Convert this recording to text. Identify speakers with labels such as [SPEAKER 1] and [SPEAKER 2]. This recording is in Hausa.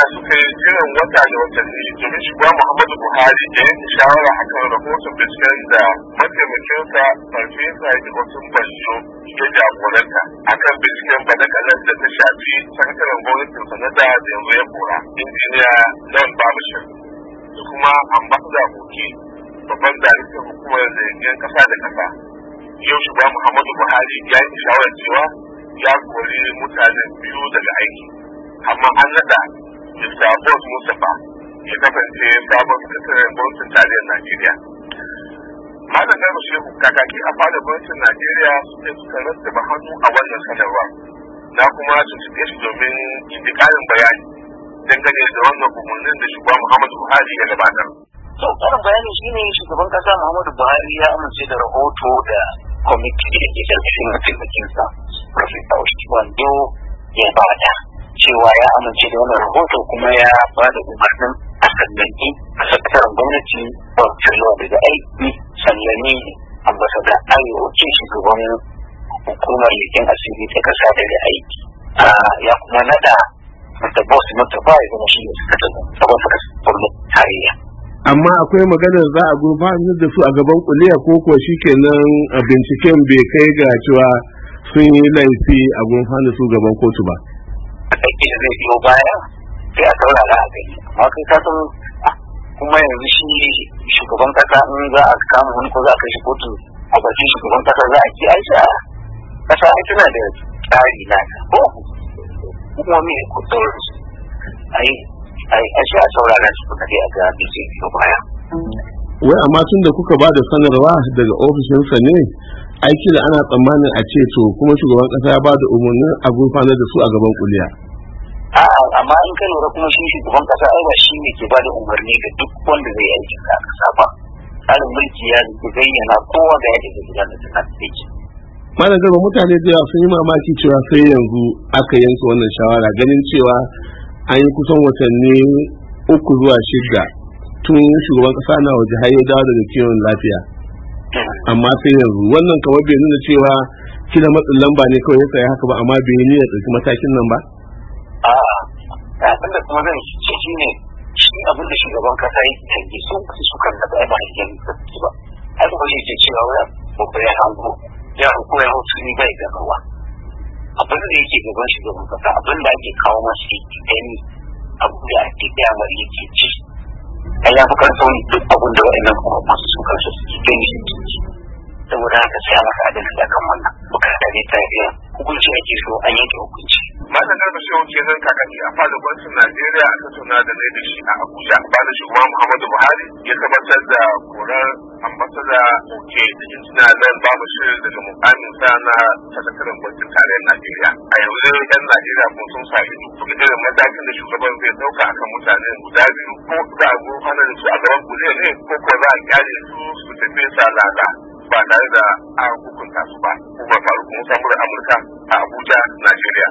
[SPEAKER 1] tsaya suka yi jiran wata da watanni domin shugaba Muhammadu Buhari da yanke shawara akan rahoton binciken da mataimakinsa Farfesa Ibrahim Banjo ya jagoranta akan binciken badakalar da ta shafi sakataren gwamnatin sanada da yanzu ya kora injiniya Dan Babashin da kuma ambasada Buki babban dalikar hukumar zirgin kasa da kasa yau shugaba Muhammadu Buhari ya yi shawarar cewa ya kori mutane biyu daga aiki amma an nada Mr. Abbas Mustapha ya kasance sabon sakataren gwamnatin tarayyar Najeriya. Malam Garba Shehu kakaki a fadar gwamnatin Najeriya suke suka rattaba hannu a wannan sanarwa. Na kuma tuntuɓe shi domin in karin bayani dangane da wannan umarnin da shugaban Muhammadu Buhari ya gabatar. To karin
[SPEAKER 2] bayani ne shugaban kasa Muhammadu Buhari ya amince da rahoto da kwamiti da ke ƙarƙashin mataimakinsa Profesa wando ya bada. cewa ya amince da wannan rahoto kuma ya ba da umarnin a sallami a sakataren gwamnati wacce daga aiki sallani ambasada arewa ce shugaban hukumar leƙen asiri ta ƙasa daga aiki ya kuma nada da boss na tafa ya zama shi ne suka gwamnati tarayya
[SPEAKER 3] amma akwai maganar za a gurbatar da su a gaban kuliya ko kuwa shi a binciken bai kai ga cewa sun yi laifi a gurfanar su gaban kotu ba
[SPEAKER 2] aiki da zai biyo baya sai a saurara a gani amma kai ka san ah, kuma yanzu shi shugaban kasa in za a kama wani ko za a kashi kotu a bakin shugaban kasa za a ki aisha kasa ai tana da tsari na ko kuma me ku ai ai a saurara su kuma dai a ga me biyo baya
[SPEAKER 3] wai amma tun da kuka ba da sanarwa daga ofishinsa ne aiki da ana tsammanin a ce to kuma shugaban kasa ya ba da umarnin a gurfanar da su a gaban kuliya
[SPEAKER 2] a'a amma in ka lura kuma shi shugaban kasa ai ba shi ne ke ba da umarni ga duk wanda zai aiki a kasa ba tsarin mulki ya zayyana kowa da yadda zai gudanar da kan aiki
[SPEAKER 3] mana gaba mutane da yawa sun yi mamaki cewa sai yanzu aka yanke wannan shawara ganin cewa an yi kusan watanni uku zuwa shida tun shugaban kasa na waje har ya dawo daga kiwon lafiya amma sai yanzu wannan kawai bai nuna cewa kila matsin lamba ne kawai ya saya haka ba amma bai ne ya ɗauki matakin nan ba a
[SPEAKER 2] abin da kuma zan ce shi ne shi abin da shugaban kasa ya tangi su su kan da ba ya gani ba har kuma yake cewa wani babban ya hango ya hango ya hau tuni bai da ruwa abin da yake gaban shugaban kasa abin da ake kawo masu yake gani abu da ake damar yake ci ai ya duk abin da wa'annan masu su kansu suke gani shi saboda haka sai a masa adalci a kan wannan bukata ne ta biya hukunci ake so an yanke hukunci.
[SPEAKER 1] Malam Garba Shehu ke zan kakanni a fadin Najeriya a tattauna da mai da shi a Abuja. Bada shugaban Muhammadu Buhari ya tabbatar da korar ambasada Oke da na Zan da mukamin sa na sakataren bankin tarayyar Najeriya. A yanzu yan Najeriya kuma sun sami duk irin matakin da shugaban zai dauka akan mutane guda biyu ko za a gurfanar da su a gaban kuliya ne ko ko za a kyale su su tafi sa lala ba tare da a hukunta su ba. Kuma
[SPEAKER 2] faru Amurka a Abuja, Najeriya.